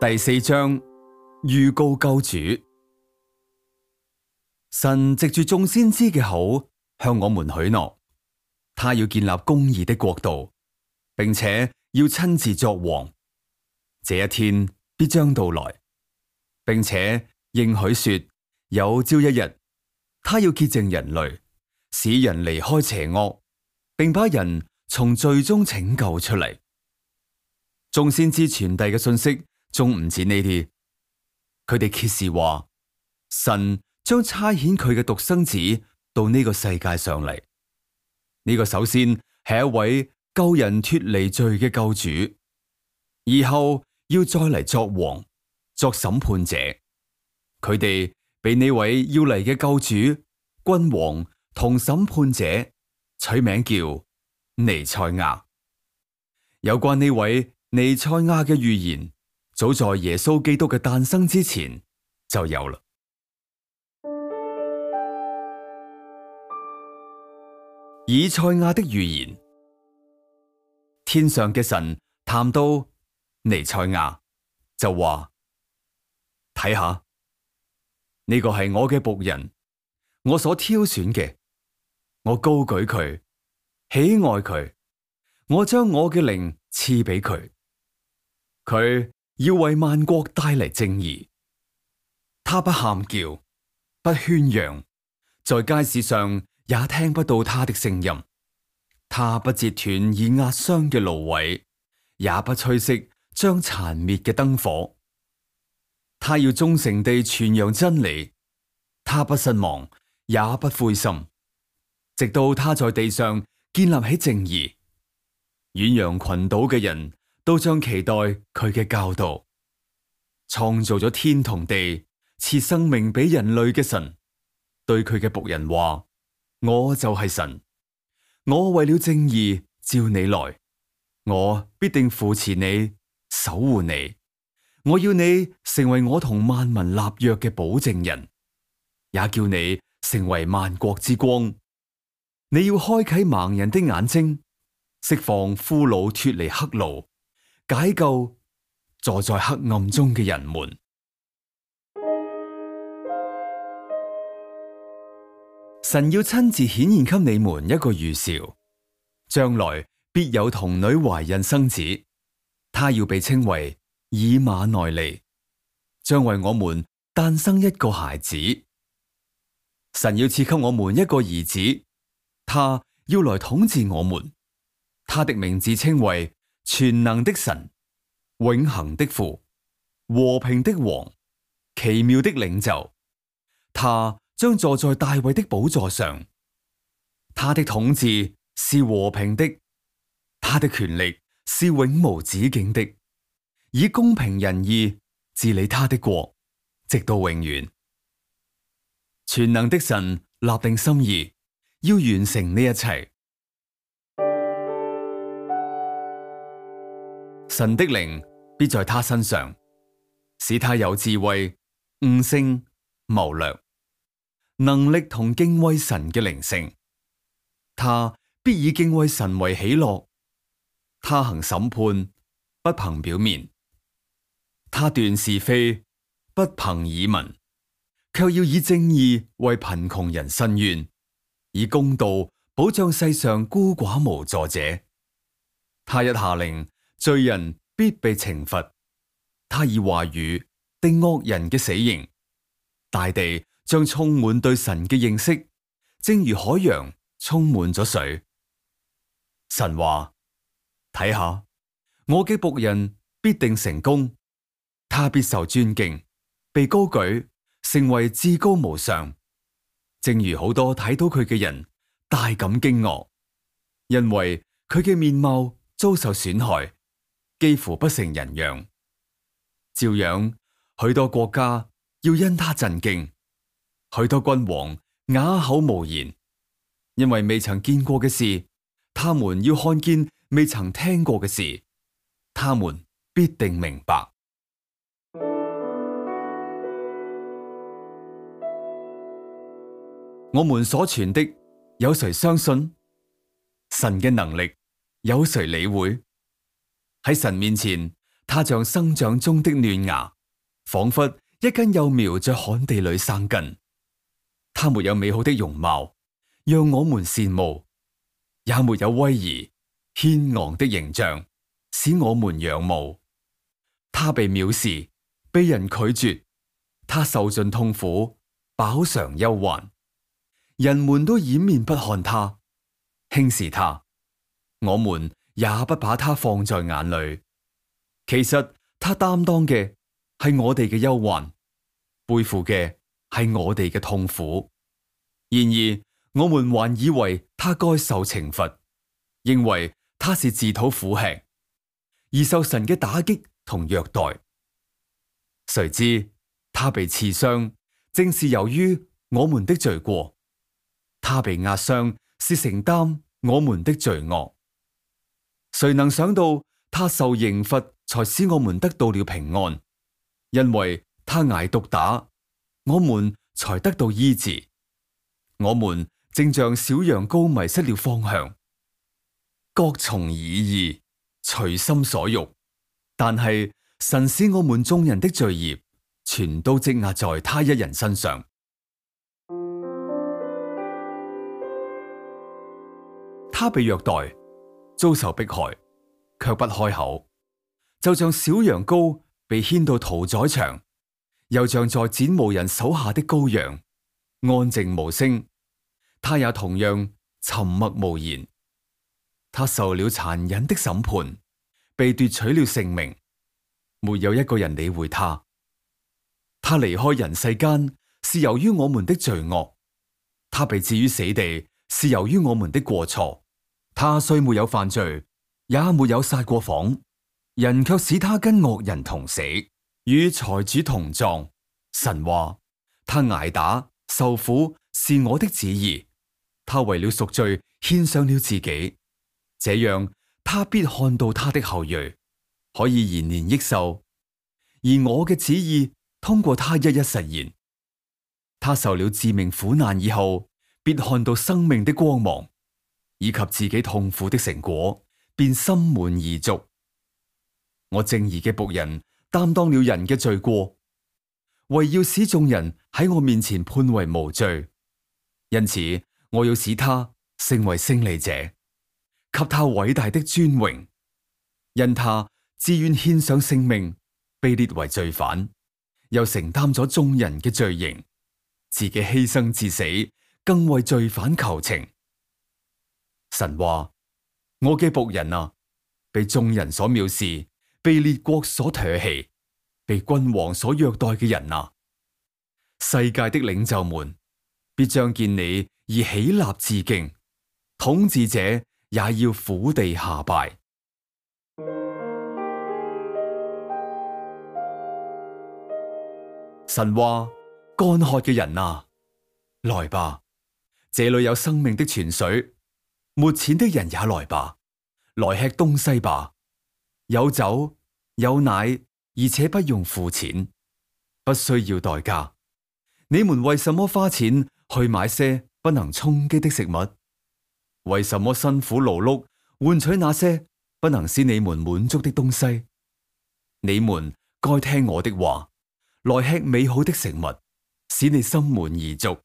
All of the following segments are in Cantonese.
第四章預告救主，神藉住眾先知嘅口向我們許諾，他要建立公義的國度，並且要親自作王。這一天必將到來，並且應許說，有朝一日，他要潔淨人類，使人離開邪惡，並把人從罪中拯救出嚟。眾先知傳遞嘅信息。仲唔止呢啲，佢哋揭示話神將差遣佢嘅獨生子到呢個世界上嚟。呢、這個首先係一位救人脫離罪嘅救主，而後要再嚟作王，作審判者。佢哋俾呢位要嚟嘅救主、君王同審判者取名叫彌賽亞。有關呢位彌賽亞嘅預言。早在耶穌基督嘅誕生之前就有啦。以賽亞的預言，天上嘅神談到彌賽亞就話：睇下，呢個係我嘅僕人，我所挑選嘅，我高舉佢，喜愛佢，我將我嘅靈賜俾佢，佢。要為萬國帶來正義，他不喊叫，不喧揚，在街市上也聽不到他的聲音。他不折斷已壓傷嘅蘆葦，也不吹熄將殘滅嘅燈火。他要忠誠地傳揚真理，他不失望，也不灰心，直到他在地上建立起正義。遠洋群島嘅人都將期待佢嘅教導，創造咗天同地、賜生命俾人類嘅神，對佢嘅僕人話：我就係神，我為了正義召你來，我必定扶持你、守護你。我要你成為我同萬民立約嘅保證人，也叫你成為萬國之光。你要開啟盲人的眼睛，釋放俘虜脫離黑奴。」解救坐在黑暗中嘅人們，神要親自顯現給你們一個預兆，將來必有童女懷孕生子，她要被稱為以馬內利，將為我們誕生一個孩子。神要賜給我們一個兒子，他要來統治我們，他的名字稱為。全能的神，永恆的父，和平的王，奇妙的領袖，他將坐在大衛的寶座上，他的統治是和平的，他的權力是永無止境的，以公平仁義治理他的國，直到永遠。全能的神立定心意，要完成呢一切。神的靈必在他身上，使他有智慧、悟性、謀略、能力同敬畏神嘅靈性。他必以敬畏神為喜樂。他行審判不憑表面，他斷是非不憑耳聞，卻要以正義為貧窮人伸冤，以公道保障世上孤寡無助者。他一下令。罪人必被懲罰，他以話語定惡人嘅死刑。大地將充滿對神嘅認識，正如海洋充滿咗水。神話，睇下我嘅僕人必定成功，他必受尊敬，被高舉，成為至高無上。正如好多睇到佢嘅人大感驚愕，因為佢嘅面貌遭受損害。幾乎不成人樣，照樣，許多國家要因他震驚，許多君王啞口無言，因為未曾見過嘅事，他們要看見未曾聽過嘅事，他們必定明白。 我們所傳的有誰相信？神嘅能力有誰理會？喺神面前，他像生長中的嫩芽，仿佛一根幼苗在旱地裏生根。他沒有美好的容貌，讓我們羨慕；也沒有威儀、軒昂的形象，使我們仰慕。他被藐視，被人拒絕，他受盡痛苦，飽嘗憂患。人們都掩面不看他，輕視他。我們。也不把他放在眼裏。其實他擔當嘅係我哋嘅憂患，背負嘅係我哋嘅痛苦。然而我們還以為他該受懲罰，認為他是自討苦吃，而受神嘅打擊同虐待。誰知他被刺傷，正是由於我們的罪過；他被壓傷，是承擔我們的罪惡。誰能想到他受刑罰，才使我們得到了平安？因為他挨毒打，我們才得到醫治。我們正像小羊羔迷失了方向，各從已意，隨心所欲。但係神使我們眾人的罪孽，全都積壓在他一人身上。他被虐待。遭受迫害，卻不開口，就像小羊羔被牽到屠宰場，又像在剪毛人手下的羔羊，安靜無聲。他也同樣沉默無言。他受了殘忍的審判，被奪取了性命，沒有一個人理會他。他離開人世間是由於我們的罪惡，他被置於死地是由於我們的過錯。他雖沒有犯罪，也沒有撒過謊，人卻使他跟惡人同死，與財主同葬。神話他挨打受苦是我的旨意，他為了贖罪獻上了自己，這樣他必看到他的後裔可以延年益壽，而我嘅旨意通過他一一實現。他受了致命苦難以後，必看到生命的光芒。以及自己痛苦的成果，便心滿意足。我正義嘅僕人擔當了人嘅罪過，為要使眾人喺我面前判為無罪，因此我要使他成為勝利者，給他偉大的尊榮。因他自願獻上性命，被列為罪犯，又承擔咗眾人嘅罪刑，自己犧牲至死，更為罪犯求情。神話：我嘅僕人啊，被眾人所藐視，被列國所唾棄，被君王所虐待嘅人啊，世界的領袖們必將見你而起立致敬，統治者也要俯地下拜。神話：乾渴嘅人啊，來吧，這裏有生命的泉水。沒錢的人也來吧，來吃東西吧。有酒有奶，而且不用付錢，不需要代價。你們為什麼花錢去買些不能充飢的食物？為什麼辛苦勞碌換取那些不能使你們滿足的東西？你們該聽我的話，來吃美好的食物，使你心滿意足。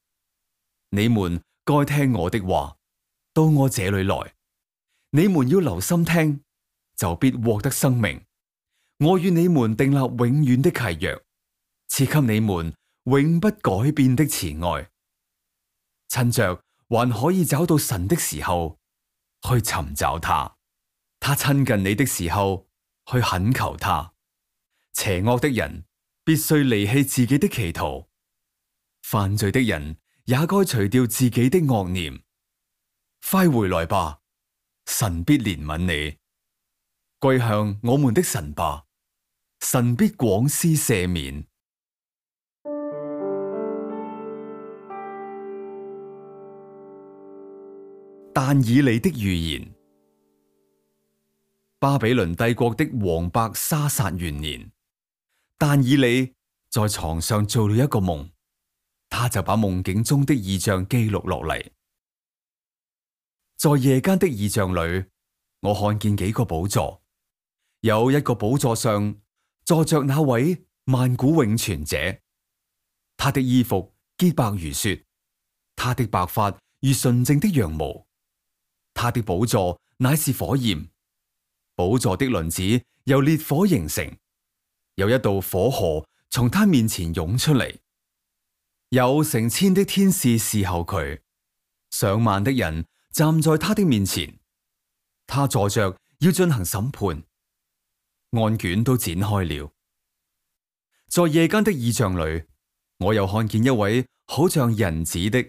你們該聽我的話。到我這裏來，你們要留心聽，就必獲得生命。我與你們訂立永遠的契約，賜給你們永不改變的慈愛。趁着還可以找到神的時候，去尋找他。他親近你的時候，去懇求他。邪惡的人必須離棄自己的祈禱，犯罪的人也該除掉自己的惡念。快回來吧，神必憐憫你，歸向我們的神吧，神必廣施赦免。但以理的預言，巴比倫帝國的王伯沙撒元年，但以理在床上做了一個夢，他就把夢境中的異象記錄落嚟。在夜間的異象裏，我看見幾個寶座，有一個寶座上坐着那位萬古永存者，他的衣服潔白如雪，他的白髮如純正的羊毛，他的寶座乃是火焰，寶座的輪子由烈火形成，有一道火河從他面前湧出嚟，有成千的天使侍候佢，上萬的人。站在他的面前，他坐着要進行審判，案卷都展開了。在夜間的異象裏，我又看見一位好像人子的，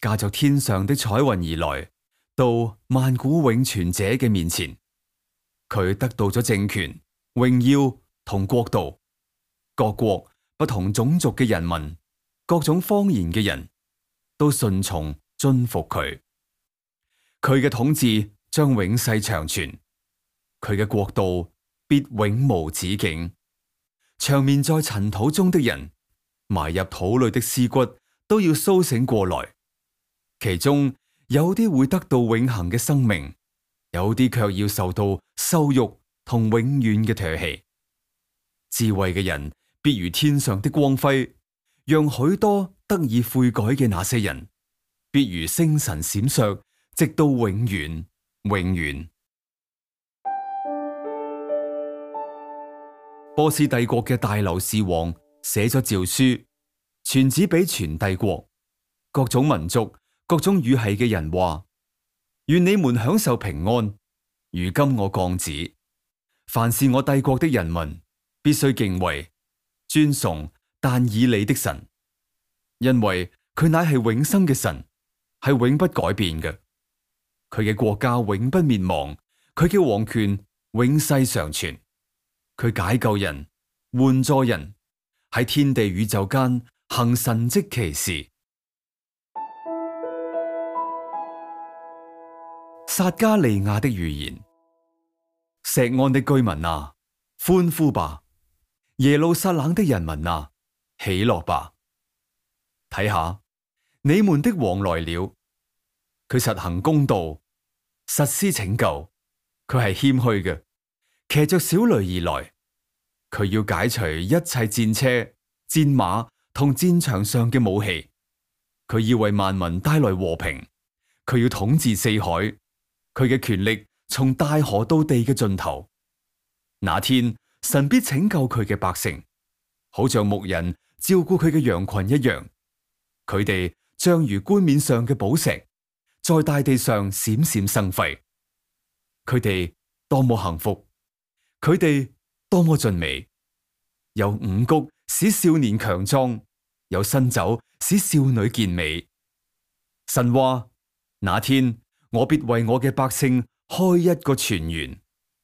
駕着天上的彩雲而來，到萬古永存者嘅面前。佢得到咗政權、榮耀同國度，各國、不同種族嘅人民、各種方言嘅人都順從、遵服佢。佢嘅統治將永世長存，佢嘅國度必永無止境。長眠在塵土中的人，埋入土裏的屍骨都要蘇醒過來，其中有啲會得到永恒嘅生命，有啲卻要受到羞辱同永遠嘅唾棄。智慧嘅人必如天上的光輝，讓許多得以悔改嘅那些人，必如星辰閃爍。直到永遠，永遠。波斯帝國嘅大流士王寫咗詔書，傳旨俾全帝國各種民族、各種語系嘅人話：願你們享受平安。如今我降旨，凡是我帝國的人民，必須敬畏、尊崇但以理的神，因為佢乃係永生嘅神，係永不改變嘅。佢嘅國家永不滅亡，佢嘅王權永世常存，佢解救人、援助人，喺天地宇宙間行神跡奇事。撒加利亞的預言，石岸的居民啊，歡呼吧！耶路撒冷的人民啊，喜樂吧！睇下你們的王來了，佢實行公道。實施拯救，佢係謙虛嘅，騎着小驢而來。佢要解除一切戰車、戰馬同戰場上嘅武器。佢要為萬民帶來和平。佢要統治四海。佢嘅權力從大河到地嘅盡頭。那天神必拯救佢嘅百姓，好像牧人照顧佢嘅羊群一樣。佢哋將如冠冕上嘅寶石。在大地上閃閃生輝，佢哋多麼幸福，佢哋多麼俊美。有五穀使少年強壯，有新酒使少女健美。神話，那天，我必為我嘅百姓開一個泉源，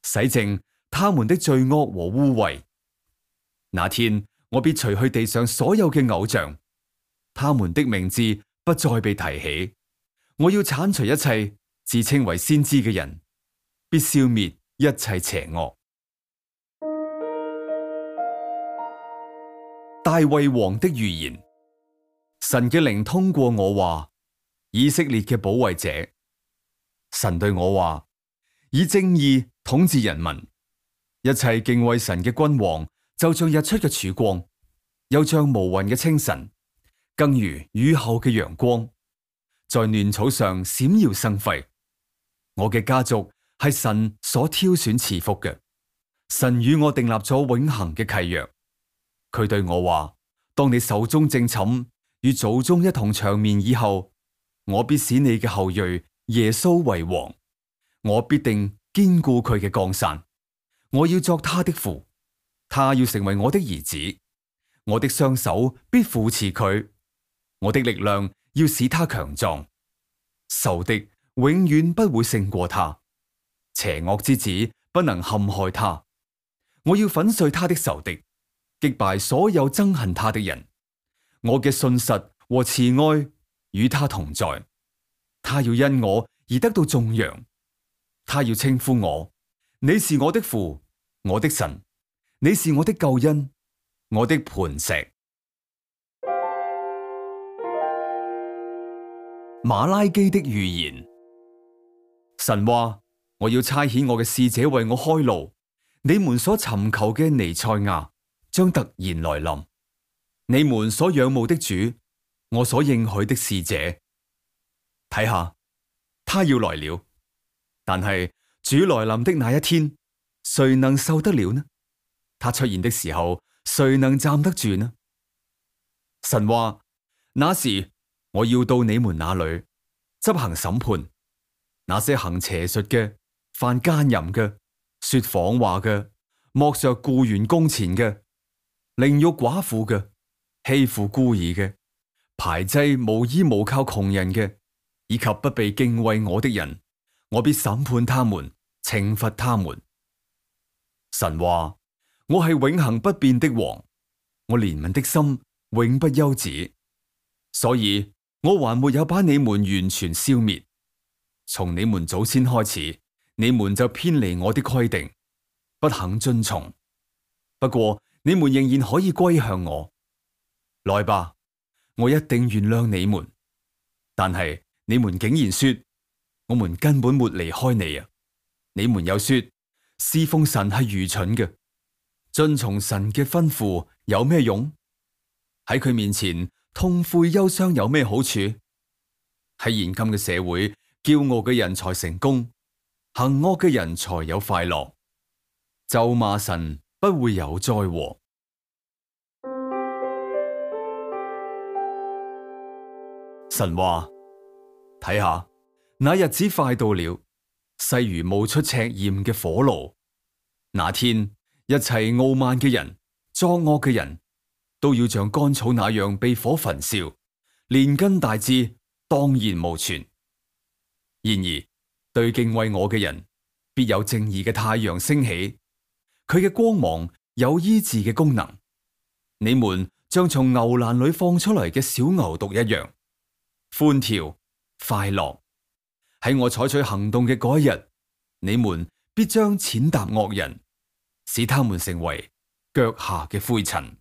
洗淨他們的罪惡和污穢。那天，我必除去地上所有嘅偶像，他們的名字不再被提起。我要鏟除一切自稱為先知嘅人，必消滅一切邪惡。 大衛王的預言，神嘅靈通過我話，以色列嘅保衛者，神對我話：以正義統治人民，一切敬畏神嘅君王，就像日出嘅曙光，又像無雲嘅清晨，更如雨後嘅陽光。在嫩草上閃耀生輝。我嘅家族係神所挑選賜福嘅。神與我訂立咗永恆嘅契約。佢對我話：當你壽終正寢，與祖宗一同長眠以後，我必使你嘅後裔耶穌為王。我必定堅固佢嘅江山。我要作他的父，他要成為我的兒子。我的雙手必扶持佢，我的力量。要使他強壯，仇敵永遠不會勝過他，邪惡之子不能陷害他。我要粉碎他的仇敵，擊敗所有憎恨他的人。我嘅信實和慈愛與他同在，他要因我而得到頌揚，他要稱呼我：你是我的父，我的神，你是我的救恩，我的磐石。馬拉基的預言：神話，我要差遣我嘅使者為我開路，你們所尋求嘅彌賽亞將突然來臨。你們所仰慕的主，我所應許的使者，睇下，他要來了。但係主來臨的那一天，誰能受得了呢？他出現的時候，誰能站得住呢？神話，那時。我要到你們那裏執行審判，那些行邪術嘅、犯奸淫嘅、說謊話嘅、剝削僱員工錢嘅、凌辱寡婦嘅、欺負孤兒嘅、排擠無依無靠窮人嘅，以及不被敬畏我的人，我必審判他們，懲罰他們。神話，我係永恒不變的王，我憐憫的心永不休止，所以。我還沒有把你們完全消滅。從你們祖先開始，你們就偏離我的規定，不肯遵從。不過你們仍然可以歸向我，來吧，我一定原諒你們。但係你們竟然說，我們根本沒離開你啊！你們又說，侍奉神係愚蠢嘅，遵從神嘅吩咐有咩用？喺佢面前。痛悔憂傷有咩好處？喺現今嘅社會，驕傲嘅人才成功，行惡嘅人才有快樂。咒罵神不會有災禍。神話，睇下，那日子快到了，勢如冒出赤焰嘅火爐。那天，一切傲慢嘅人、作惡嘅人，都要像乾草那樣被火焚燒，連根大致，當然無存。然而，對敬畏我嘅人，必有正義嘅太陽升起，佢嘅光芒有醫治嘅功能。你們像從牛欄裏放出來嘅小牛犢一樣，歡跳快樂。喺我採取行動嘅嗰一日，你們必將踐踏惡人，使他們成為腳下嘅灰塵。